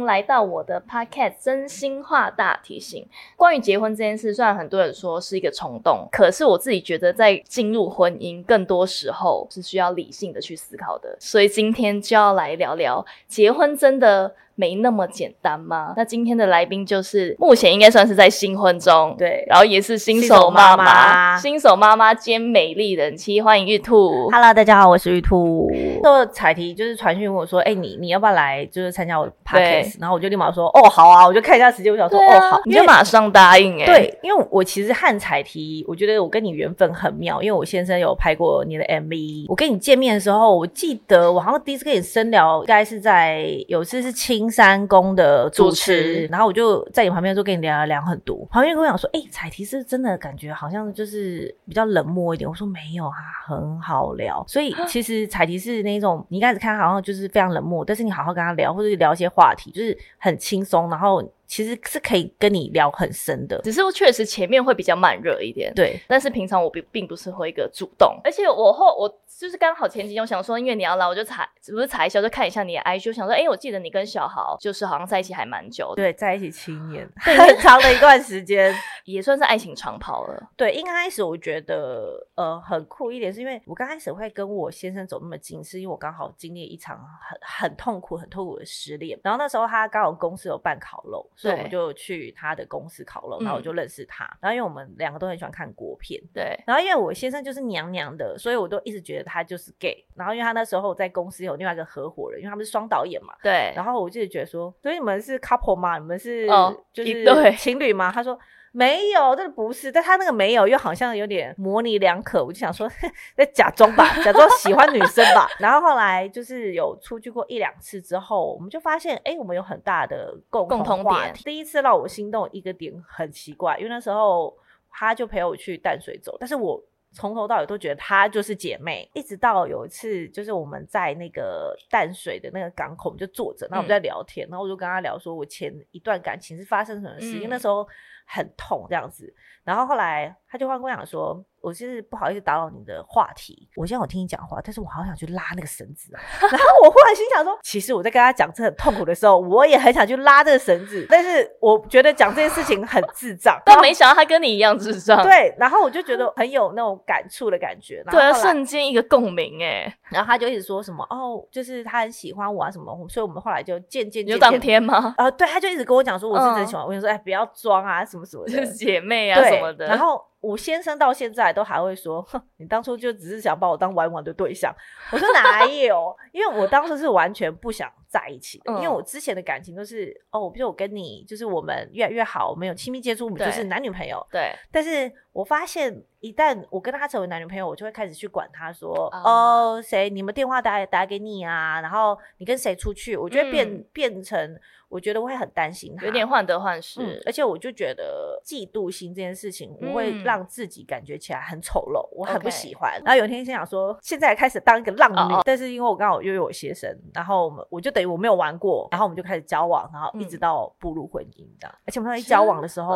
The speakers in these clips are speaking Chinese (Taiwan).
來到我的 Podcast《真心話大提醒》。關於結婚這件事，雖然很多人說是一個衝動，可是我自己覺得，在進入婚姻，更多時候是需要理性的去思考的。所以今天就要來聊聊結婚真的。沒那麼簡單嗎？那今天的來賓就是目前應該算是在新婚中，對，然後也是新手媽媽，新手媽媽,新手媽媽兼美麗人妻，歡迎玉兔。哈嘍，大家好，我是玉兔。那、so, 彩提就是傳訊問我說，哎、欸，你你要不要來，就是參加我 podcast 對然後我就立馬說，哦，好啊，我就看一下時間，我想說，啊、哦，好，你就馬上答應誒、欸、對，因為我其實和彩提，我覺得我跟你緣分很妙，因為我先生有拍過你的 MV，我跟你見面的時候，我記得我好像第一次跟你深聊，應該是在有一次是親。金山公的主持，主持然後我就在你旁邊，就跟你聊了聊很多。旁邊跟我講說：“哎、欸，彩題是真的感覺好像就是比較冷漠一點。”我說：“沒有啊，很好聊。”所以其實彩題是那種你一開始看他好像就是非常冷漠，但是你好好跟他聊，或者聊一些話題，就是很輕鬆。然後其實是可以跟你聊很深的，只是我確實前面會比較慢熱一點。對，但是平常我並並不是會一個主動，而且我後我就是剛好前幾天我想說，因為你要來，我就採不、就是踩一下就看一下你的 IG，我想說，哎、欸，我記得你跟小豪就是好像在一起還蠻久的。對，在一起七年， 很長的一段時間， 也算是愛情長跑了。對，應該開始我覺得呃很酷一點，是因為我剛開始會跟我先生走那麼近，是因為我剛好經歷一場很很痛苦、很痛苦的失戀，然後那時候他剛好公司有辦烤肉。所以我們就去他的公司烤肉，然後我就認識他。嗯、然後因為我們兩個都很喜歡看國片，對。然後因為我先生就是娘娘的，所以我都一直覺得他就是 gay。然後因為他那時候我在公司有另外一個合夥人，因為他們是雙導演嘛，對。然後我就覺得說，所以你們是 couple 嗎？你們是就是情侶嗎？他說。沒有，這個不是，但他那個沒有，又好像有點模稜兩可，我就想說哼，在假裝吧，假裝喜歡女生吧。 然後後來就是有出去過一兩次之後，我們就發現，哎，我們有很大的共同話題。第一次讓我心動一個點很奇怪，因為那時候他就陪我去淡水走，但是我從頭到尾都覺得他就是姐妹。一直到有一次，就是我們在那個淡水的那個港口，我們就坐着，那我們在聊天，嗯、然後我就跟他聊說，我前一段感情是發生什麼事，嗯、因為那時候。很痛這樣子，然後後來他就會跟我講說。我就是不好意思打擾你的話題。我現在我聽你講話，但是我好想去拉那個繩子啊。 然後我忽然心想說，其實我在跟他講這很痛苦的時候，我也很想去拉這個繩子。但是我覺得講這件事情很智障， 然後，但沒想到他跟你一樣智障。對，然後我就覺得很有那種感觸的感覺。然後後來，對啊，瞬間一個共鳴哎。然後他就一直說什麼哦，就是他很喜歡我啊什麼。所以我們後來就漸漸就當天嗎？啊、呃，對，他就一直跟我講說我是真喜歡。嗯、我就說哎、欸，不要裝啊什麼什麼的，就姐妹啊什麼的。然後。我先生到現在都還會說：“哼，你當初就只是想把我當玩玩的對象。”我說：“哪有？ 因為我當時是完全不想。”在一起，因為我之前的感情都、就是、嗯、哦，比如我跟你，就是我們越來越好，我們有親密接觸，我們就是男女朋友。對，對但是我發現一旦我跟他成為男女朋友，我就會開始去管他說哦，誰、哦、你們電話打也打給你啊，然後你跟誰出去，我覺得變、嗯、變成，我覺得我會很擔心他，有點患得患失、嗯，而且我就覺得嫉妒心這件事情，我會讓自己感覺起來很醜陋，嗯、我很不喜歡。Okay. 然後有一天心想說，現在開始當一個浪女，哦哦但是因為我剛好又有我學生，然後我就等。我沒有玩過，然後我們就開始交往，然後一直到步入婚姻這樣，而且我們一交往的時候，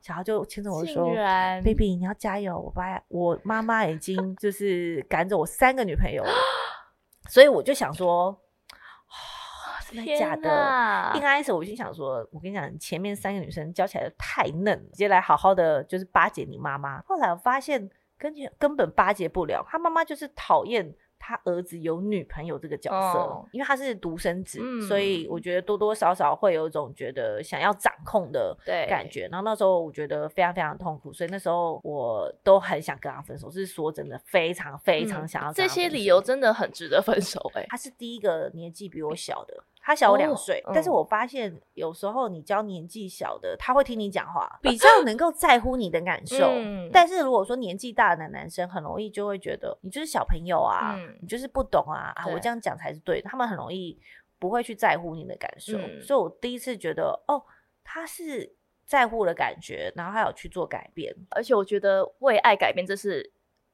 小孩、嗯、就牽着我說然：“baby，你要加油。”我爸我媽媽已經就是趕走我三個女朋友 所以我就想說，真的假的？一開始我就想說，我跟你講，你前面三個女生交起來的太嫩，直接來好好的就是巴結你媽媽。後來我發現跟前根本巴結不了，他媽媽就是討厭。他兒子有女朋友這個角色，oh. 因為他是獨生子，嗯、所以我覺得多多少少會有一種覺得想要掌控的感覺。對。然後那時候我覺得非常非常痛苦，所以那時候我都很想跟他分手，是說真的非常非常想要、嗯。這些理由真的很值得分手誒、欸，他是第一個年紀比我小的。他小我兩歲，嗯、但是我發現有時候你教年紀小的，他會聽你講話，比較能夠在乎你的感受。嗯、但是如果說年紀大的男生，很容易就會覺得你就是小朋友啊，嗯、你就是不懂啊，啊，對我這樣講才是對的。他們很容易不會去在乎你的感受。嗯、所以我第一次覺得，哦，他是在乎的感覺，然後他有去做改變，而且我覺得為愛改變這是。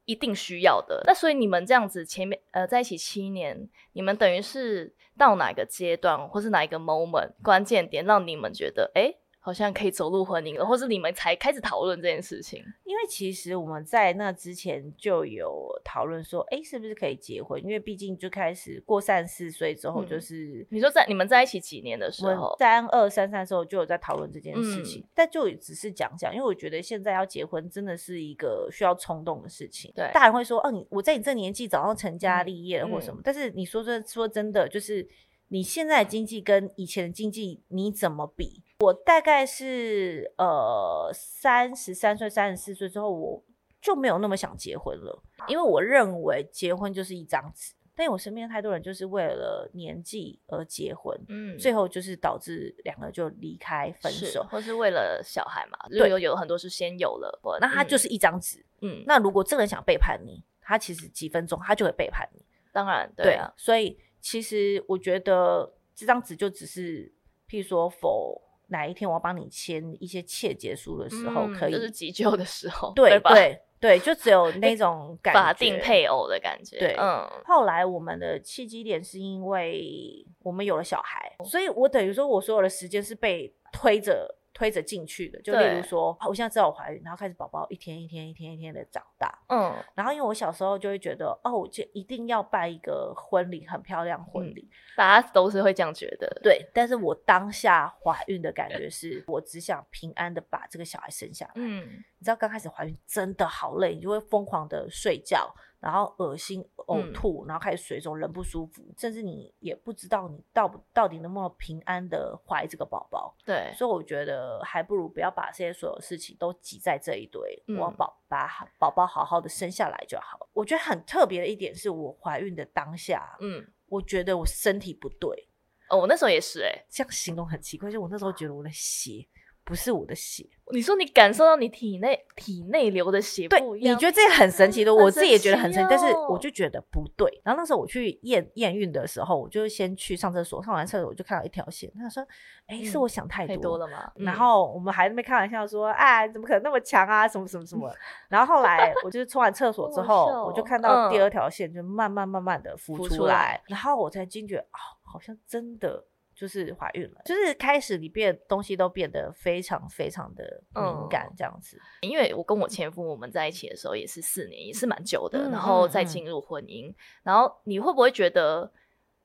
一定需要的。那所以你們這樣子前面呃在一起七年，你們等於是到哪個階段，或是哪一個 moment，關鍵點，讓你們覺得誒？好像可以走入婚姻了，或是你們才開始討論這件事情。因為其實我們在那之前就有討論說，哎，是不是可以結婚？因為畢竟就開始過三十歲之後，就是、嗯、你說在你們在一起幾年的時候，在二三三的時候就有在討論這件事情，嗯、但就只是講講。因為我覺得現在要結婚真的是一個需要衝動的事情。對，大人會說，哦、啊，你我在你這年紀早上成家立業了或什麼，嗯嗯、但是你說這說真的就是。你現在的經濟跟以前的經濟你怎麼比？我大概是呃三十三歲、三十四歲之後，我就沒有那麼想結婚了，因為我認為結婚就是一張紙。但我身邊的太多人就是為了年紀而結婚，嗯，最後就是導致兩個就離開分手，是或是為了小孩嘛。對，有有很多是先有了，那他就是一張紙，嗯。那如果這個人想背叛你，他其實幾分鐘他就會背叛你。當然，對啊，對，所以。其實我覺得這張紙就只是，譬如說否哪一天我要幫你簽一些切結書的時候，可以、嗯，就是急救的時候，對對吧對，對，就只有那種法、欸、定配偶的感覺。對，嗯，後來我們的契機點是因為我們有了小孩，所以我等於說我所有的時間是被推着。推着進去的，就例如說，對我現在知道我懷孕，然後開始寶寶一天一天一天一天的長大。嗯，然後因為我小時候就會覺得，哦，我就一定要辦一個婚禮，很漂亮婚禮。嗯，大家都是會這樣覺得。對，但是我當下懷孕的感覺是我只想平安的把這個小孩生下來。嗯，你知道剛開始懷孕真的好累，你就會瘋狂的睡覺。然後噁心、嘔吐，嗯、然後開始水腫，人不舒服，甚至你也不知道你到底到底能不能平安的懷這個寶寶。對，所以我覺得還不如不要把這些所有事情都擠在這一堆，嗯、我要把把寶寶好好的生下來就好。我覺得很特別的一點是，我懷孕的當下，嗯，我覺得我身體不對。哦，我那時候也是哎，、欸，這樣形容很奇怪，就是、我那時候覺得我的血。不是我的血，你說你感受到你體內體內流的血不一樣，對，你覺得這個很神奇的，很神奇哦、我自己也覺得很神奇，但是我就覺得不對。然後那時候我去驗驗孕的時候，我就先去上廁所，上完廁所我就看到一條線，他說：“哎，是我想太多、嗯、太多了嗎？”嗯、然後我們還那邊開玩笑說：“哎，怎麼可能那麼強啊？什麼什麼什麼？”然後後來我就是沖完廁所之後， 我笑我就看到第二條線、嗯、就慢慢慢慢的浮出來，出來然後我才驚覺哦，好像真的。就是懷孕了，就是開始你變東西都變得非常非常的敏感這樣子。嗯、因為我跟我前夫我們在一起的時候也是四年，嗯、也是蠻久的，嗯、然後再進入婚姻。嗯、然後你會不會覺得，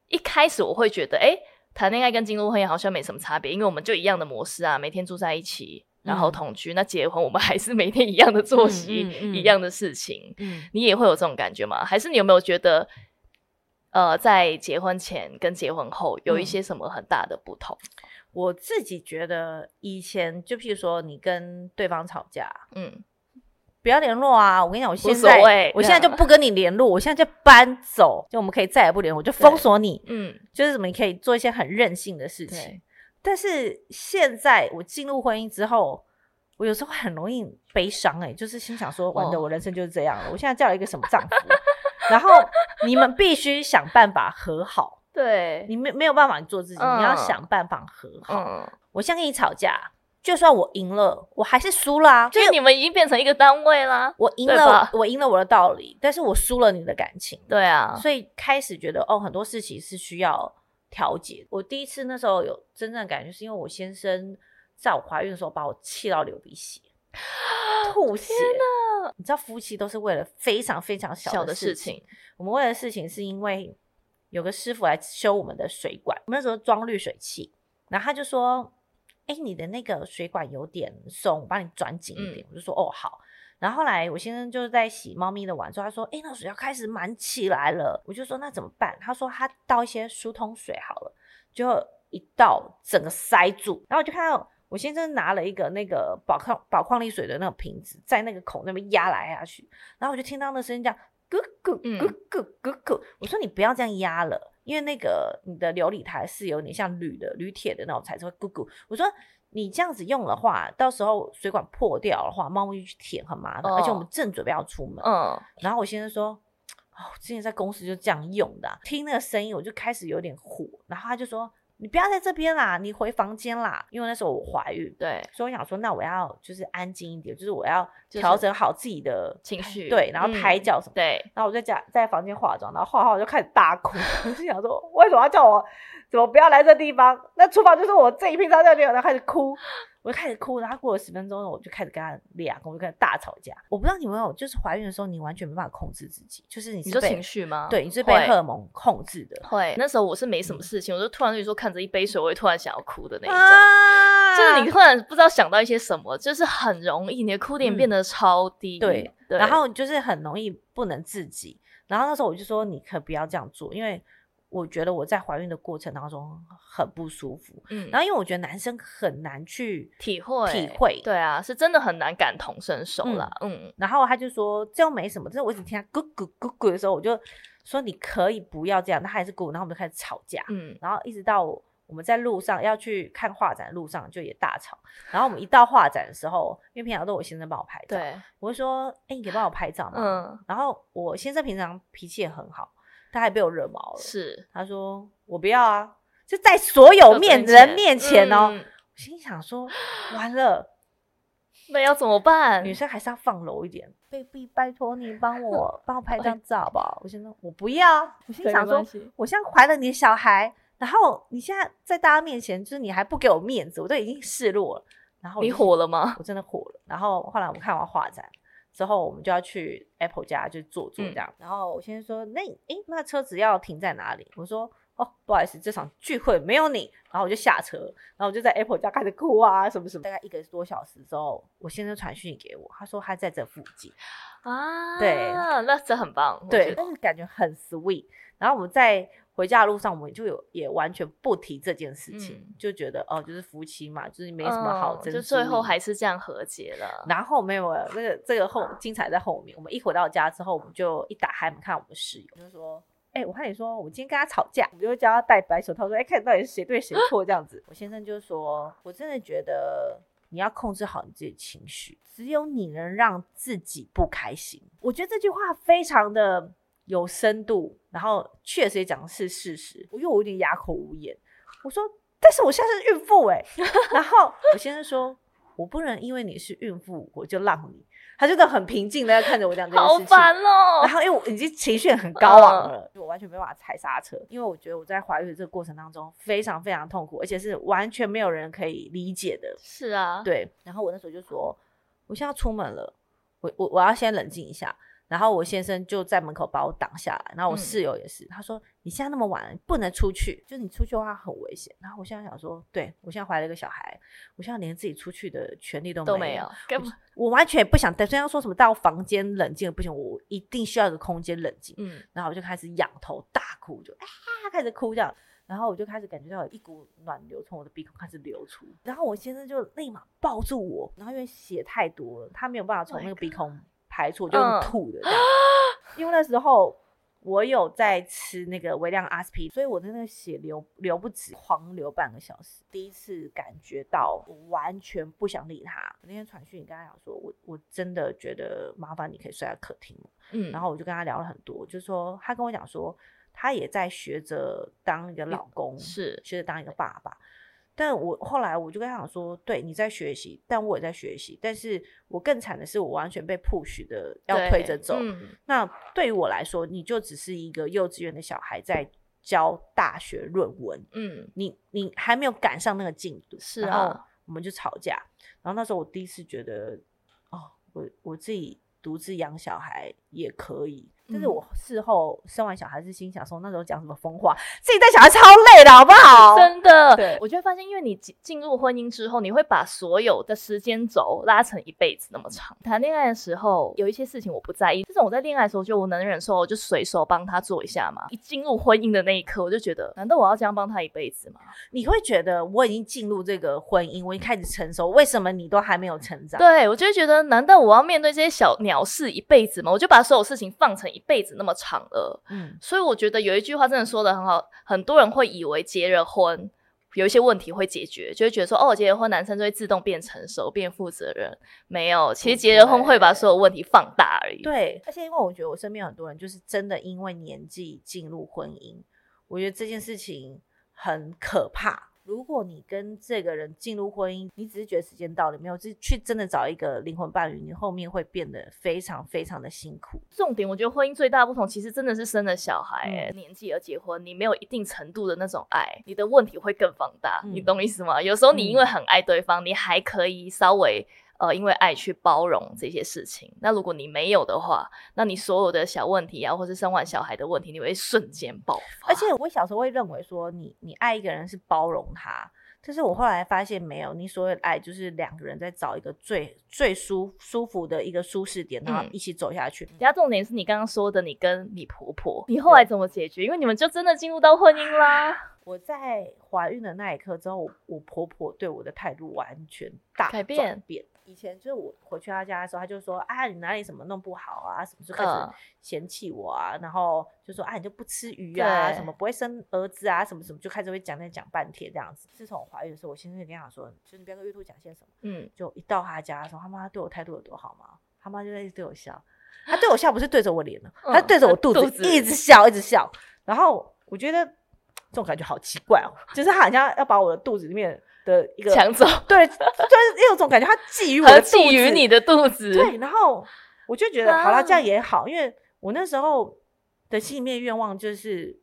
一開始我會覺得，哎、欸，談戀愛跟進入婚姻好像沒什麼差別，因為我們就一樣的模式啊，每天住在一起，然後同居。嗯、那結婚我們還是每天一樣的作息，嗯嗯、一樣的事情。嗯，你也會有這種感覺嗎？還是你有沒有覺得？呃，在結婚前跟結婚後有一些什麼很大的不同？嗯、我自己覺得以前就譬如說你跟對方吵架，嗯，不要聯絡啊！我跟你講，我現在我現在就不跟你聯絡,、嗯、絡，我現在就搬走，就我們可以再也不聯絡，我就封鎖你，對嗯，就是什麼你可以做一些很任性的事情。對但是現在我進入婚姻之後，我有時候很容易悲傷，哎，就是心想說，完了，我人生就是這樣了。哦、我現在叫了一個什麼丈夫？ 然後你們必須想辦法和好。對，你沒沒有辦法，做自己，嗯、你要想辦法和好。嗯、我先跟你吵架，就算我贏了，我還是輸了啊。就因你們已經變成一個單位了，我贏了，吧我贏了我的道理，但是我輸了你的感情。對啊，所以開始覺得哦，很多事情是需要調節。我第一次那時候有真正的感覺，是因為我先生在我懷孕的時候把我氣到流鼻血。吐血！啊、你知道夫妻都是為了非常非常小的事情。事情我們為了事情是因為有個師傅來修我們的水管，我們那時候裝濾水器，然後他就說誒：“你的那個水管有點鬆，我幫你轉緊一點。嗯”我就說：“哦，好。”然後後來我先生就是在洗貓咪的碗之後，他說：“哎，那水要開始滿起來了。”我就說：“那怎麼辦？”他說：“他倒一些疏通水好了。”最後一倒，整個塞住。然後我就看到。我先生拿了一個那個寶礦、寶礦力水的那種瓶子，在那個口那邊壓來壓去，然後我就聽到那聲音這樣，叫咕咕咕咕咕咕、咕。我說，你不要這樣壓了，因為那個你的琉璃台是有點像鋁的，鋁鐵的那種材質，咕咕。我說，你這樣子用的話，到時候水管破掉的話，貓咪去舔很麻煩，嗯、而且我們正準備要出門。嗯。然後我先生說，哦，之前在公司就這樣用的。啊，聽那個聲音我就開始有點火，然後他就說。你不要在這邊啦，你回房間啦。因為那時候我懷孕，對，所以我想說，那我要就是安靜一點，就是我要調整好自己的情緒，對，然後胎教什麼，嗯、對。然後我就在在房間化妝，然後化妝我就開始大哭， 我就想說，為什麼要叫我？怎麼不要來這地方？那廚房就是我自己平常在那邊，然後開始哭。我就開始哭，然後過了十分鐘我就開始跟他倆，我就跟他大吵架。我不知道你有沒有，就是懷孕的時候，你完全沒辦法控制自己，就是你，是你說情緒嗎？對，你是被荷爾蒙控制的。對會那時候我是沒什麼事情，嗯、我就突然就說看着一杯水，我會突然想要哭的那一種，啊、就是你突然不知道想到一些什麼，就是很容易，你的哭點變得超低。嗯、對，對然後就是很容易不能自己。然後那時候我就說，你可不要這樣做，因為。我覺得我在懷孕的過程當中很不舒服，嗯，然後因為我覺得男生很難去體會體會，對啊，是真的很難感同身受了，嗯。嗯，然後他就說這又沒什麼，就是我一聽他咕咕咕咕咕的時候，我就說你可以不要這樣，他還是咕，然後我們就開始吵架，嗯。然後一直到我們在路上要去看畫展，的路上就也大吵。然後我們一到畫展的時候，因為平常都我先生幫我拍照，對我就說哎、欸，你給幫我拍照嘛，嗯。然後我先生平常脾氣也很好，他還被我惹毛了，是他說我不要啊，就在所有面人面前哦。嗯，我心裡想說，完了，那要怎麼辦？女生還是要放柔一點。baby，拜託你幫我幫我拍張照吧。 我心說我不要，我行心裡想說我現在懷了你的小孩，然後你現在在大家面前，就是你還不給我面子，我都已經示弱了。然後你，你火了嗎？我真的火了。然後後來我們看完畫展。之後我們就要去 Apple 家就坐坐這樣，嗯、然後我先生說，那誒、欸、那車子要停在哪裡？我說。哦，不好意思，這場聚會沒有你，然後我就下車，然後我就在 Apple 家開始哭啊，什麼什麼，大概一個多小時之後，我先生傳訊你給我，他說他在這附近，啊，對，那這很棒，對，但是感覺很 sweet。然後我們在回家的路上，我們就有也完全不提這件事情，嗯、就覺得哦，就是夫妻嘛，就是沒什麼好爭、嗯、就最後還是這樣和解了。然後沒有了那個這個後精彩在後面，我們一回到家之後，我們就一打開門看我們的室友，就說。哎、欸，我看你說，我今天跟他吵架，我就叫他戴白手套，說，哎、欸，看到底是誰對誰錯這樣子。我先生就說，我真的覺得你要控制好你自己的情緒，只有你能讓自己不開心。我覺得這句話非常的有深度，然後確實也講的是事實。我又我有點啞口無言，我說，但是我現在是孕婦、欸，哎。 然後我先生說，我不能因為你是孕婦，我就讓你。他真的很平靜的在看着我這樣子。好煩哦。然後因為我已經情緒很高昂了，嗯、就我完全沒辦法踩剎車，因為我覺得我在懷孕的這個過程當中非常非常痛苦，而且是完全沒有人可以理解的。是啊，對。然後我那時候就說，我現在要出門了，我我我要先冷靜一下。然後我先生就在門口把我擋下來，然後我室友也是，嗯，他說：“你現在那麼晚不能出去，就是你出去的話很危險。”然後我現在想說，對，我現在懷了一個小孩，我現在連自己出去的權利都沒有，我完全不想待。雖然說什麼到房間冷靜不行，我一定需要一個空間冷靜。嗯，然後我就開始仰頭大哭，就啊，開始哭這樣。然後我就開始感覺到有一股暖流從我的鼻孔開始流出，然後我先生就立馬抱住我，然後因為血太多了，他沒有辦法從那個鼻孔。Oh 排除就吐的，嗯、因為那時候我有在吃那個微量阿斯匹靈，所以我真的那個血流，流不止，狂流半個小時。第一次感覺到完全不想理他。那天傳訊，你跟他講說，我我真的覺得麻煩，你可以睡在客廳。嗯，然後我就跟他聊了很多，就是說他跟我講說他也在學着當一個老公，嗯、是學着當一個爸爸。但我後來我就跟他講說，對你在學習，但我也在學習，但是我更慘的是，我完全被 push 的要推着走。對嗯、那對於我來說，你就只是一個幼稚園的小孩在教大學論文，嗯，你你還沒有趕上那個進度，是啊，我們就吵架。然後那時候我第一次覺得，哦，我我自己獨自養小孩也可以。嗯、就是我事後生完小孩是心想說那時候講什麼瘋話， 自己帶小孩超累的，好不好？真的，對我就會發現，因為你進進入婚姻之後，你會把所有的時間軸拉成一輩子那麼長。談戀、嗯、愛的時候有一些事情我不在意，這種我在戀愛的時候就我,我能忍受，我就隨手幫他做一下嘛。一進入婚姻的那一刻，我就覺得，難道我要這樣幫他一輩子嗎？你會覺得我已經進入這個婚姻，我已經開始成熟，為什麼你都還沒有成長？對我就會覺得，難道我要面對這些小鳥事一輩子嗎？我就把所有事情放成一輩子。輩子那麼長了，嗯，所以我覺得有一句話真的說得很好，很多人會以為結了婚有一些問題會解決，就會覺得說，哦，結了婚，男生就會自動變成熟，變負責任。沒有，其實結了婚會把所有問題放大而已對對。對，而且因為我覺得我身邊很多人就是真的因為年紀進入婚姻，嗯，我覺得這件事情很可怕。如果你跟這個人進入婚姻，你只是覺得時間到了，沒有去真的找一個靈魂伴侶，你後面會變得非常非常的辛苦。重點，我覺得婚姻最大的不同，其實真的是生了小孩，誒、嗯、年紀而結婚，你沒有一定程度的那種愛，你的問題會更放大。嗯、你懂我意思嗎？有時候你因為很愛對方，嗯、你還可以稍微。呃，因為愛去包容這些事情。那如果你沒有的話，那你所有的小問題啊，或是生完小孩的問題，你會瞬間爆發。而且我小時候會認為說你，你你愛一個人是包容他，但是我後來發現沒有，你所謂愛就是兩個人在找一個最最舒舒服的一個舒適點，然後一起走下去。然後、嗯嗯、重點是你剛剛說的，你跟你婆婆，你後來怎麼解決？對因為你們就真的進入到婚姻啦。啊、我在懷孕的那一刻之後，我，我婆婆對我的態度完全大轉變改變。以前就是我回去他家的時候，他就說啊，你哪裡什麼弄不好啊，什麼就開始嫌棄我啊，呃、然後就說啊，你就不吃魚啊，對什麼不會生兒子啊，什麼什麼就開始會講那講半天這樣子。自從我懷孕的時候，我先生也講說，就你不要跟玉兔講些什麼。嗯，就一到他家的時候，他媽對我態度有多好嗎？他媽就在一直對我笑，他對我笑不是對着我臉呢，嗯、他對着我肚子一直笑肚一直笑。直笑 然後我覺得這種感覺好奇怪哦，就是他好像要把我的肚子裡面。的一個搶走對，對，就 也有種感覺，他覬覦我覬覦你的肚子，對。然後我就覺得，啊、好啦，這樣也好，因為我那時候的心裡面願望就是，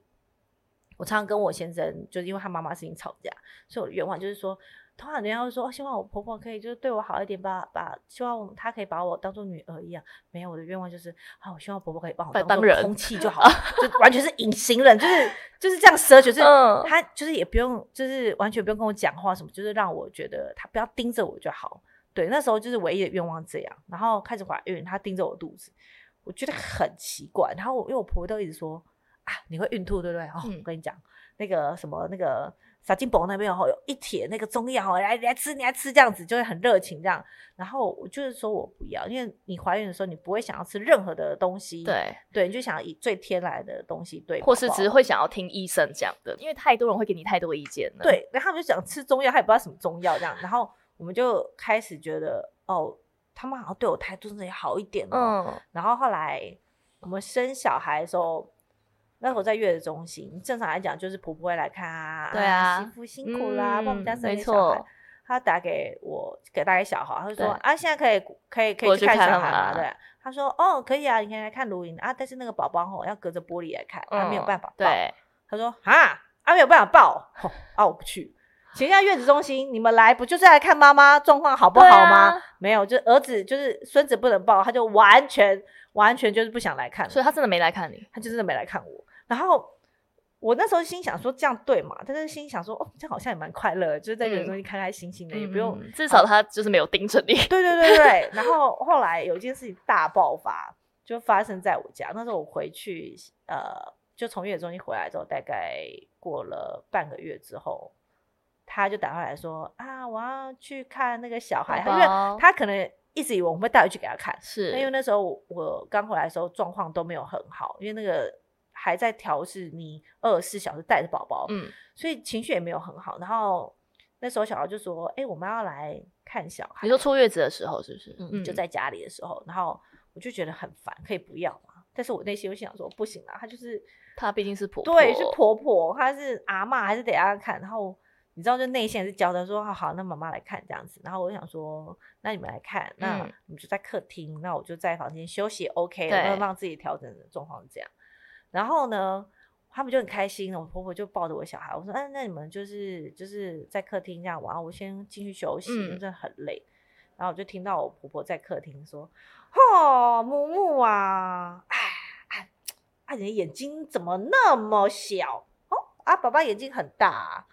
我常常跟我先生，就是因為他媽媽事情吵架，所以我的願望就是說。通常人家就說：“希望我婆婆可以就是對我好一點，吧。把希望她可以把我當做女兒一樣。”沒有，我的願望就是、哦、我希望婆婆可以把我當做空氣就好，人就完全是隱形人， 就是就是這樣奢求，就是她就是也不用，就是完全不用跟我講話什麼，就是讓我覺得她不要盯着我就好。對，那時候就是唯一的願望這樣。然後開始懷孕，她盯着我肚子，我覺得很奇怪。然後我因為我婆婆都一直說：“啊，你會孕吐對不對？”哦，我跟你講，嗯、那個什麼那個。撒進寶寶那邊有一帖那個中藥哦，你來你來吃，你來吃這樣子，就會很熱情這樣。然後我就是說我不要，因為你懷孕的時候你不會想要吃任何的東西，對對，你就想要以最天然的東西對好不好。或是只是會想要聽醫生講的，因為太多人會給你太多意見了。對，然後他們就想吃中藥，他也不知道什麼中藥這樣。然後我們就開始覺得，哦，他們好像對我態度真的好一點、哦、嗯。然後後來我們生小孩的時候。那時候在月子中心，正常來講就是婆婆會來看啊，對啊，媳婦、啊、辛苦啦，幫我們家生個小孩。錯他打給我，給大概小孩，他就說對啊，現在可以可以可以去看小孩，看，對。他說哦，可以啊，你可以來看錄雲啊，但是那個寶寶吼要隔着玻璃來看，他、嗯啊、沒有辦法抱。對他說哈啊，他沒有辦法抱，吼、啊，我不去。請問一下月子中心你們來不就是來看媽媽狀況好不好嗎？啊、沒有，就是、兒子就是孫子不能抱，他就完全完全就是不想來看，所以他真的沒來看你，他就真的沒來看我。然後我那時候心想說這樣對嘛？但是心想說哦，這樣好像也蠻快樂的，就是在月子中心開開心心的，也、嗯、不用、嗯啊、至少他就是沒有盯着你。對，對對對對。 然後後來有一件事情大爆發，就發生在我家。那時候我回去，呃，就從月子中心回來之後，大概過了半個月之後，他就打電話來說啊，我要去看那個小孩，吧因為他可能一直以為我們會帶回去給他看。是，因為那時候我，我剛回來的時候狀況都沒有很好，因為那個。還在調適，你二十四小時帶着寶寶，嗯，所以情緒也沒有很好。然後那時候小孩就說：“哎、欸，我們要來看小孩。”你說出月子的時候是不是？嗯，就在家裡的時候，嗯、然後我就覺得很煩，可以不要嘛？但是我內心又想說：“不行啦，他就是他畢竟是婆婆，對，是婆婆，他是阿嬤，還是得要看。”然後你知道，就內心還是教他說：“好好，那媽媽來看這樣子。”然後我就想說：“那你們來看，那你們就在客廳，那我就在房間休息，OK，對然後讓自己調整，整的狀況是這樣。”然後呢，他們就很開心，我婆婆就抱着我小孩，我說：“哎、啊，那你們就是就是在客廳這樣玩，我先進去休息，嗯、真的很累。”然後我就聽到我婆婆在客廳說：“嗯、哦，木木啊，哎、啊啊、你的眼睛怎麼那麼小哦？啊，寶寶眼睛很大、啊、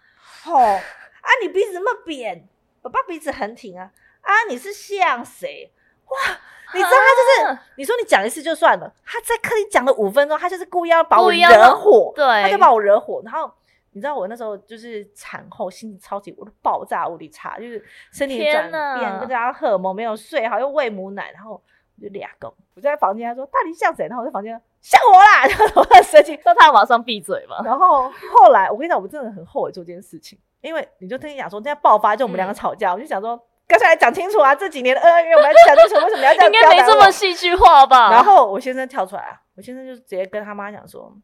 哦。啊，你鼻子那麼扁，寶寶鼻子很挺啊。啊，你是像誰？”哇，你知道他就是、啊、你說你講一次就算了，他在客廳講了五分鐘，他就是故意要把我惹火，對，他就把我惹火。然後你知道我那時候就是產後心情超級，我都爆炸，無力差，就是身體轉變更加荷爾蒙沒有睡好，好又餵母奶，然後就倆個。我在房間，他說到底像誰？然後我在房間像我啦，然後很生氣，說他馬上閉嘴嘛。然後後來我跟你講，我真的很後悔做這件事情，因為你就聽你講說這樣爆發就我們兩個吵架，嗯、我就想說。剛才講清楚啊，這幾年的恩恩怨怨，我們要講清楚，麼什麼要講樣？應該沒這麼戲劇化吧？ 然後我先生跳出來啊，我先生就直接跟他媽講說：“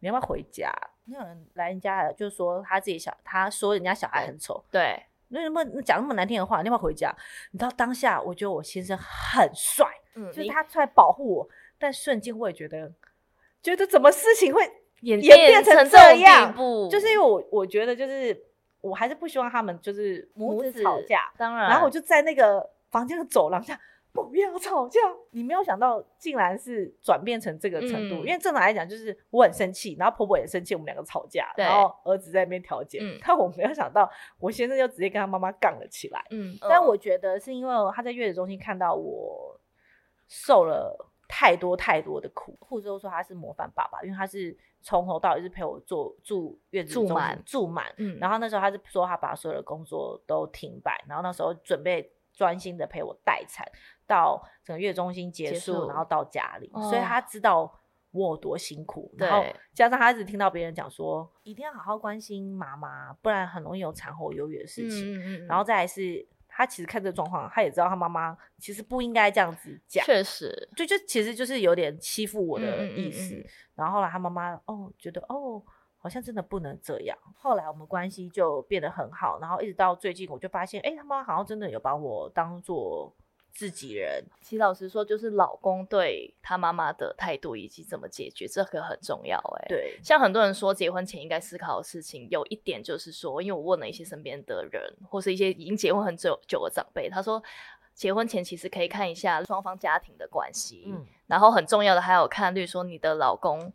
你要不要回家？那種人來人家，就是說他自己小，他說人家小孩很醜，嗯、對，那什麼講那麼難聽的話？你要不要回家？你知道當下，我覺得我先生很帥，嗯、就是他出來保護我，嗯、但瞬間我也覺得，覺得怎麼事情會演演變成這樣？就是因為我我覺得就是。”我還是不希望他們就是母子吵架，當然。然後我就在那個房間的走廊下，不要吵架。你沒有想到，竟然是轉變成這個程度。嗯、因為正常來講，就是我很生氣，然後婆婆也生氣，我們兩個吵架，對然後兒子在那邊調解。嗯、但我沒有想到，我先生就直接跟他媽媽槓了起來。嗯，嗯但我覺得是因為他在月子中心看到我瘦了。太多太多的苦，護士都說他是模範爸爸，因為他是從頭到尾是陪我坐住月子中心住滿，住滿。然後那時候他是說他把所有的工作都停擺，然後那時候準備專心的陪我待產，到整個月中心結束，結束，然後到家裡，哦，所以他知道我多辛苦。對然後加上他一直聽到別人講說，一定要好好關心媽媽，不然很容易有產後憂鬱的事情。嗯嗯嗯，然後再來是。他其實看這個狀況，他也知道他媽媽其實不應該這樣子講，確實，對，就其實就是有點欺負我的意思。嗯嗯，然後後來他媽媽哦，覺得哦，好像真的不能這樣。後來我們關係就變得很好，然後一直到最近，我就發現，哎，他媽媽好像真的有把我當做自己人，其實老實說，就是老公對他媽媽的態度以及怎麼解決，這個很重要欸。哎，對，像很多人說結婚前應該思考的事情，有一點就是說，因為我問了一些身邊的人，或是一些已經結婚很久久的長輩，他說，結婚前其實可以看一下雙方家庭的關係，嗯，然後很重要的還有看，例如說你的老公。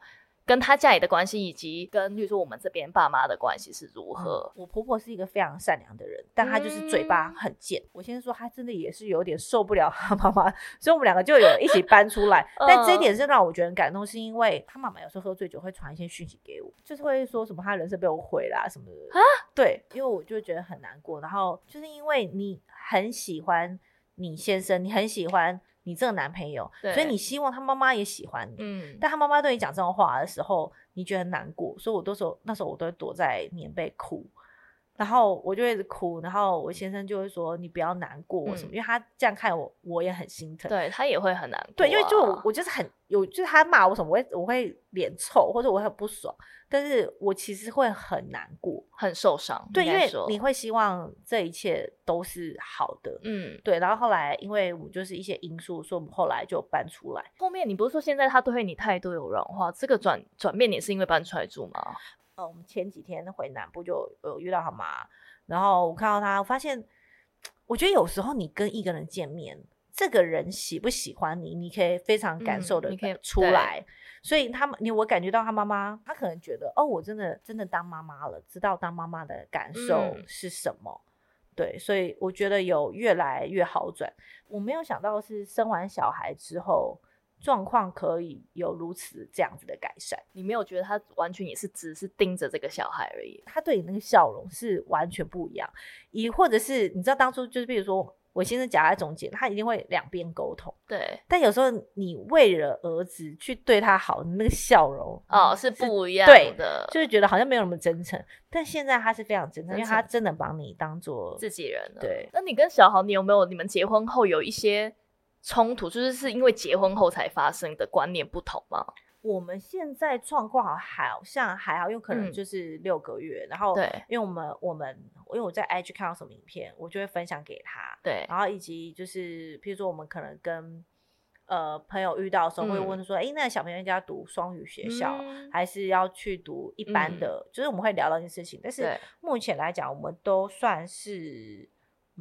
跟他家裡的關係，以及跟，比如說我們這邊爸媽的關係是如何？嗯，我婆婆是一個非常善良的人，但她就是嘴巴很賤。嗯。我先生說他真的也是有點受不了他媽媽，所以我們兩個就有一起搬出來。 嗯。但這一點是讓我覺得很感動，是因為他媽媽有時候喝醉酒會傳一些訊息給我，就是會說什麼他人生被我毀啦什麼的啊？對，因為我就覺得很難過。然後就是因為你很喜歡你先生，你很喜歡。你這個男朋友，對所以你希望他媽媽也喜歡你，嗯、但他媽媽對你講這種話的時候，你覺得難過，所以我都時候，那時候我都會躲在棉被哭，然後我就會一直哭，然後我先生就會說你不要難過什麼，嗯、因為他這樣看我，我也很心疼。對，他也會很難過、啊。對，因為就我，我就是很有，就是他罵我什麼，我會我會臉臭，或者我很不爽，但是我其實會很難過，很受傷。對，因為你會希望這一切都是好的，嗯，對。然後後來，因為我就是一些因素，所以我們後來就搬出來。後面你不是說現在他對你態度有軟化，這個轉轉變你也是因為搬出來住嗎？我們前幾天回南部就有、呃、遇到他媽，然後我看到他，我發現我覺得有時候你跟一個人見面，這個人喜不喜歡你，你可以非常感受得出來。嗯、你可以所以他，你我感覺到他媽媽，他可能覺得哦，我真的真的當媽媽了，知道當媽媽的感受是什麼。嗯、對，所以我覺得有越來越好轉。我沒有想到是生完小孩之後。狀況可以有如此這樣子的改善，你沒有覺得他完全也是只是盯着這個小孩而已？他對你那個笑容，是完全不一樣。也或者是你知道當初就是，比如說我先生夾在中間，他一定會兩邊溝通。對。但有時候你為了兒子去對他好，你那個笑容是哦，是不一樣的，對，就是覺得好像沒有那麼真誠。但現在他是非常真誠，真誠因為他真的把你當做自己人了，啊。對。那你跟小豪，你有沒有你們結婚後有一些？衝突就是是因為結婚後才發生的觀念不同嗎？我們現在狀況好像還好，有可能就是六個月，嗯、然後對，因為我們我們因為我在 IG 看到什麼影片，我就會分享給他，對，然後以及就是譬如說我們可能跟呃朋友遇到的時候會問說，哎、嗯欸，那小朋友要讀雙語學校、嗯、還是要去讀一般的？嗯、就是我們會聊到這件事情，但是目前來講，我們都算是。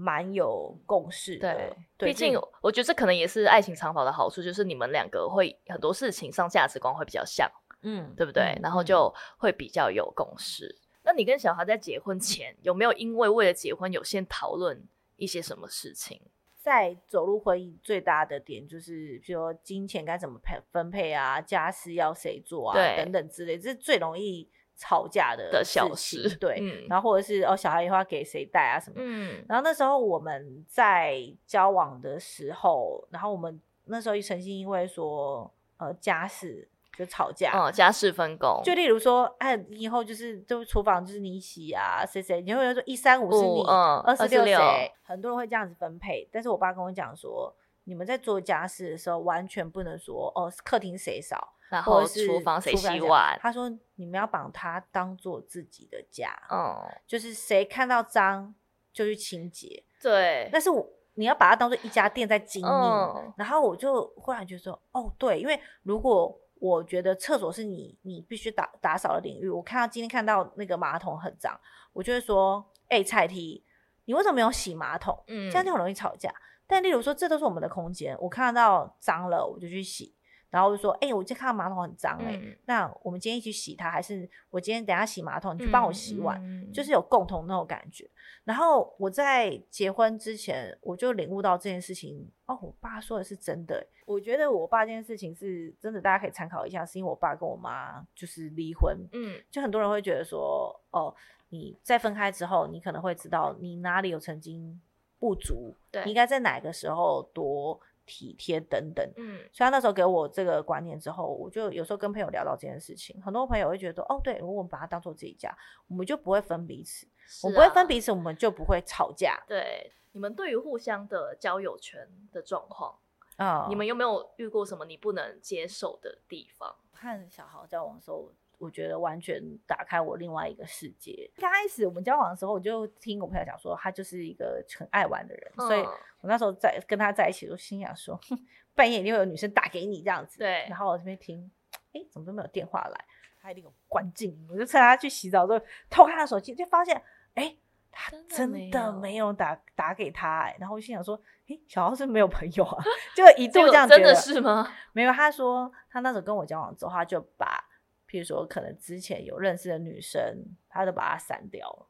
蠻有共識的，畢對對竟我覺得這可能也是愛情長跑的好處，就是你們兩個會很多事情上價值觀會比較像，嗯，對不對？嗯、然後就會比較有共識。嗯、那你跟小孩在結婚前、嗯、有沒有因為為了結婚有先討論一些什麼事情？在走入婚姻最大的點，就是比如說金錢該怎麼配分配啊，家事要誰做啊，對等等之類，這是最容易。吵架的事的小事對，嗯、然後或者是哦，小孩以後要給誰帶啊什麼？嗯，然後那時候我們在交往的時候，然後我們那時候一曾經因為說呃家事就吵架，哦，家事分工，就例如說哎，你以後就是就廚房就是你洗啊，誰誰，你會說一三五是你，嗯、二四六誰，六很多人會這樣子分配，但是我爸跟我講說，你們在做家事的時候完全不能說哦，客廳誰掃。然後廚房誰洗碗？他說：“你們要把它當做自己的家，哦、嗯，就是誰看到髒就去清潔，對。但是我你要把它當做一家店在經營。嗯、然後我就忽然覺得說，哦，對，因為如果我覺得廁所是你，你必須打打掃的領域，我看到今天看到那個馬桶很髒，我就會說，哎，菜梯，你為什麼沒有洗馬桶？嗯，這樣就很容易吵架。但例如說，這都是我們的空間，我看到髒了我就去洗。”然後就說，哎、欸，我今天看到馬桶很髒、欸，哎、嗯，那我們今天一起洗它，還是我今天等一下洗馬桶，你去幫我洗碗，嗯、就是有共同那種感覺。然後我在結婚之前，我就領悟到這件事情，哦，我爸說的是真的，欸。我覺得我爸這件事情是真的，大家可以參考一下，是因為我爸跟我媽就是離婚，嗯，就很多人會覺得說，哦，你在分開之後，你可能會知道你哪裡有曾經不足，對，你應該在哪個時候多。體貼等等，嗯，所以他那時候給我這個觀念之後，我就有時候跟朋友聊到這件事情，很多朋友會覺得哦，對，我們把它當做自己家，我們就不會分彼此，啊、我不會分彼此，我們就不會吵架。對，你們對於互相的交友圈的狀況，啊、嗯，你們有沒有遇過什麼你不能接受的地方？看小豪交往的我覺得完全打開我另外一個世界。剛開始我們交往的時候，我就聽我朋友講說，他就是一個很愛玩的人，嗯、所以我那時候在跟他在一起，就心想說，嗯、半夜一定會有女生打給你這樣子。對。然後我這邊聽，哎、欸，怎麼都沒有電話來？他一定有關機。我就趁他去洗澡的時候偷看他的手機，就發現，哎、欸，他真的沒有打沒有打給他、欸。哎，然後我心想說，哎、欸，小豪是沒有朋友啊，就一度這樣覺得。 真的是嗎？沒有，他說他那時候跟我交往之後，他就把。譬如說，可能之前有認識的女生，他都把他刪掉了。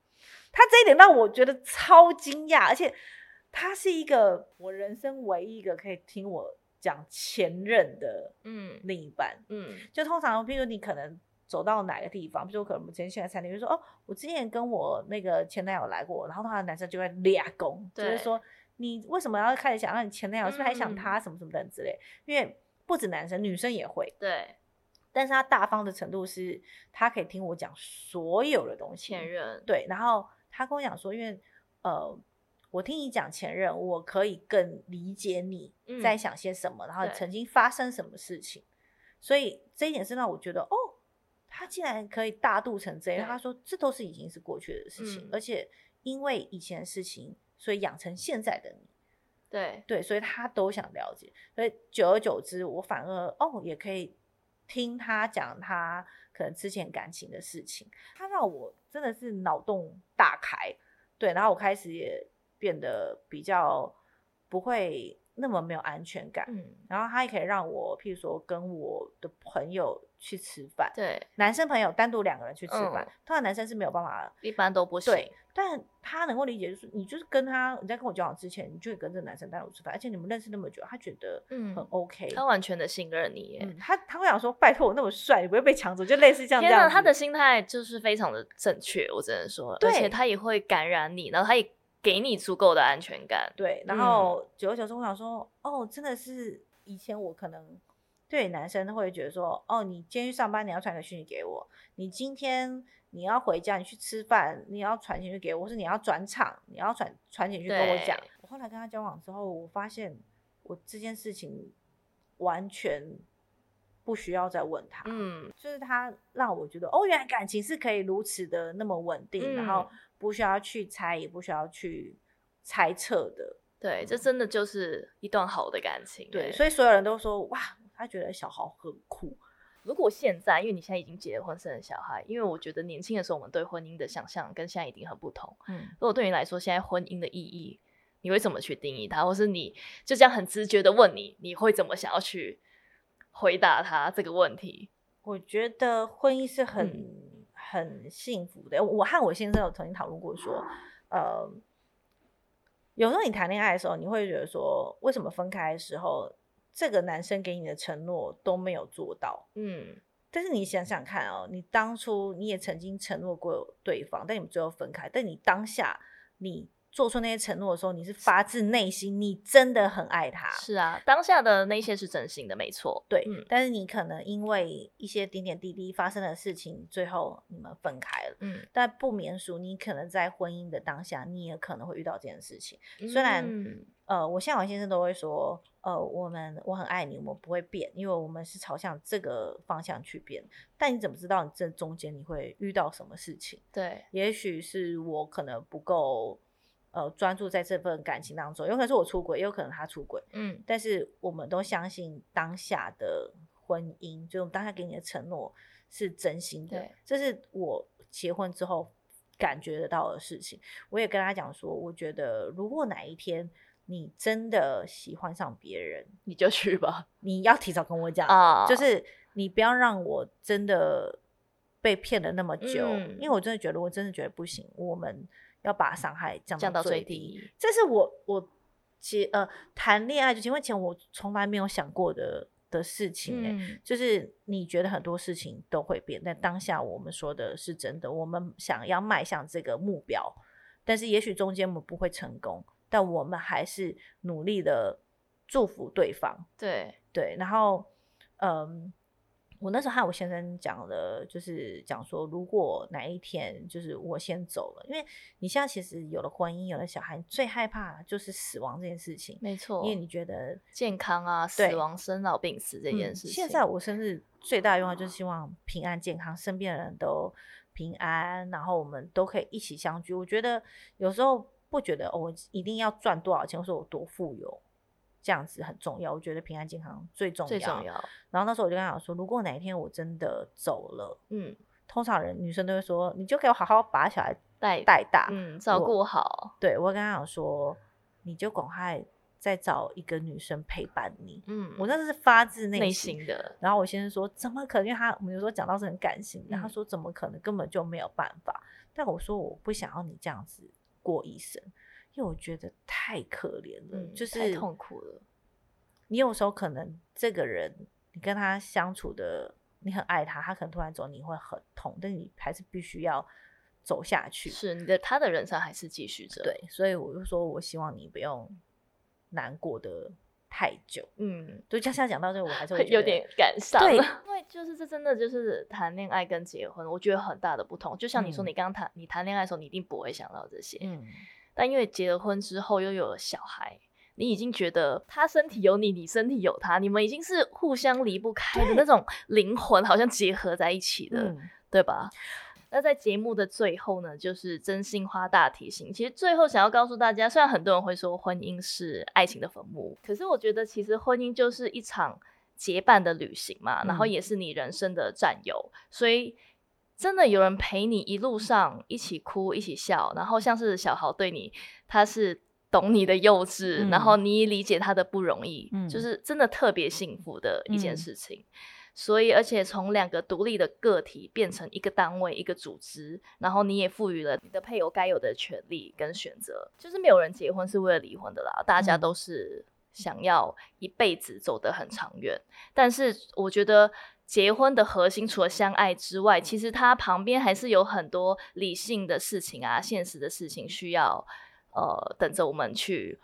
他這一點讓我覺得超驚訝，而且他是一個我人生唯一一個可以聽我講前任的，嗯，另一半，嗯，嗯，就通常譬如你可能走到哪個地方，譬如說可能我們今天去在餐廳，就是、說哦，我之前跟我那個前男友來過，然後他的男生就會立攻，對就是說你為什麼要開始想讓你前男友？是不是還想他什麼什麼的之類的？嗯、因為不止男生，女生也會。對。但是他大方的程度是，他可以聽我講所有的東西。前任。對，然後他跟我講說，因為，呃，我聽你講前任，我可以更理解你在想些什麼，嗯、然後曾經發生什麼事情。對所以這一點是讓我覺得，哦，他竟然可以大度成這樣。對他說，這都是已經是過去的事情，嗯、而且因為以前的事情，所以養成現在的你。對對，所以他都想了解，所以久而久之，我反而哦也可以。聽他講他可能之前感情的事情，他讓我真的是腦洞大開，對，然後我開始也變得比較不會那麼沒有安全感，嗯、然後他也可以讓我譬如說跟我的朋友去吃飯，對，男生朋友單獨兩個人去吃飯，通常、嗯、男生是沒有辦法，一般都不行對。但他能夠理解，就是你就是跟他，你在跟我交往之前，你就跟這個男生單獨吃飯，而且你們認識那麼久，他覺得很 OK，、嗯、他完全的信任你、嗯，他他會想說拜托我那麼帥你不會被搶走，就類似這樣子。天哪，他的心態就是非常的正確，我只能說，對而且他也會感染你，然後他也。給你足夠的安全感，對。然後久而久之，我想說，嗯、哦，真的是以前我可能對男生會覺得說，哦，你今天去上班，你要傳個訊息給我；你今天你要回家，你去吃飯，你要傳訊息給我；或是你要轉場，你要傳傳訊息跟我講。對我後來跟他交往之後，我發現我這件事情完全不需要再問他，嗯，就是他讓我覺得，哦，原來感情是可以如此的那麼穩定，嗯、然後。不需要去猜，也不需要去猜測的。對，嗯、這真的就是一段好的感情。對，所以所有人都說哇，他覺得小孩很酷。如果現在，因為你現在已經結婚，生了小孩，因為我覺得年輕的時候我們對婚姻的想象跟現在一定很不同。嗯，如果對你來說，現在婚姻的意義，你會怎麼去定義它？或是你就這樣很直覺的問你，你會怎麼想要去回答他這個問題？我覺得婚姻是很。嗯很幸福的，我和我先生有曾經討論過說，呃，有時候你談戀愛的時候，你會覺得說，為什麼分開的時候，這個男生給你的承諾都沒有做到？嗯，但是你想想看哦，你當初你也曾經承諾過對方，但你們最後分開，但你當下你。做出那些承諾的時候，你是發自內心，是你真的很愛他。是啊，當下的那些是真心的，沒錯。對，嗯、但是你可能因為一些點點滴滴發生的事情，最後你們、嗯、分開了。嗯，但不免俗，你可能在婚姻的當下，你也可能會遇到這件事情。嗯、雖然、嗯，呃，我像王先生都會說，呃，我們我很愛你，我們不會變，因為我們是朝向這個方向去變。但你怎麼知道你這中間你會遇到什麼事情？對，也許是我可能不夠。呃，專注在這份感情當中，有可能是我出軌，也有可能他出軌，嗯，但是我們都相信當下的婚姻，就是我們當下給你的承諾是真心的，對這是我結婚之後感覺得到的事情。我也跟他講說，我覺得如果哪一天你真的喜歡上別人，你就去吧，你要提早跟我講，oh. 就是你不要讓我真的被騙了那麼久，嗯、因為我真的覺得，我真的覺得不行，我們。要把傷害降到最低，但是我，我，其實呃談戀愛結婚前我從來沒有想過的的事情誒、欸，嗯、就是你覺得很多事情都會變，但當下我們說的是真的，我們想要邁向這個目標，但是也許中間我們不會成功，但我們還是努力的祝福對方，對對，然後嗯。我那時候和我先生講的，就是講說，如果哪一天就是我先走了，因為你現在其實有了婚姻，有了小孩，最害怕就是死亡這件事情。沒錯錯，因為你覺得健康啊，對死亡、生老病死這件事情。嗯、現在我生日最大的願望就是希望平安健康，嗯、身邊的人都平安，然後我們都可以一起相聚。我覺得有時候不覺得、哦、我一定要賺多少錢，我說我多富有。這樣子很重要，我覺得平安健康最重要。最重要。然後那時候我就跟他講說，如果哪一天我真的走了，嗯，通常人女生都會說，你就給我好好把小孩帶帶大，嗯，照顧好。我，對，我跟他講說，你就趕快再找一個女生陪伴你。嗯，我那是發自內心的。心的，然後我先生說，怎麼可能？因為他我們有時候講到是很感性，然後他說怎麼可能，根本就沒有辦法。但我說，我不想要你這樣子過一生。因為我覺得太可憐了，嗯、就是太痛苦了。你有時候可能這個人，你跟他相處的，你很愛他，他可能突然走，你會很痛。但你還是必須要走下去，是你的他的人生還是繼續着。對，所以我就說，我希望你不用難過的太久。嗯，對，像現在講到這，我還是會覺得有點感傷。對，因為就是這真的就是談戀愛跟結婚，我覺得很大的不同。就像你說你剛剛，嗯、你剛剛談你談戀愛的時候，你一定不會想到這些，嗯。但因為結了婚之後，又有了小孩，你已經覺得他身體有你，你身體有他，你們已經是互相離不開的那種靈魂，好像結合在一起的。對，對吧？那在節目的最後呢，就是真心話大提醒。其實最後想要告訴大家，雖然很多人會說婚姻是愛情的墳墓，可是我覺得其實婚姻就是一場結伴的旅行嘛，嗯、然後也是你人生的戰友，所以。真的有人陪你一路上一起哭一起笑，然後像是小豪對你，他是懂你的幼稚，嗯、然後你理解他的不容易，嗯、就是真的特別幸福的一件事情。嗯、所以，而且從兩個獨立的個體變成一個單位、嗯、一個組織，然後你也賦予了你的配偶該有的權利跟選擇。就是沒有人結婚是為了離婚的啦，大家都是想要一輩子走得很長遠。嗯、但是我覺得。結婚的核心除了相愛之外，其實它旁邊還是有很多理性的事情啊，現實的事情需要呃等着我們去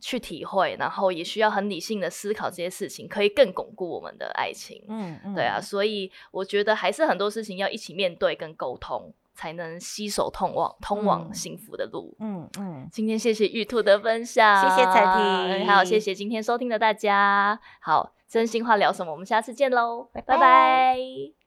去體會，然後也需要很理性的思考這些事情，可以更鞏固我們的愛情。嗯，嗯對啊，所以我覺得還是很多事情要一起面對跟溝通，才能攜手通往通往幸福的路。嗯嗯，嗯嗯，今天謝謝玉兔的分享，謝謝彩婷，還有，嗯、謝謝今天收聽的大家，好。真心話聊什麼？我們下次見嘍，拜拜。拜拜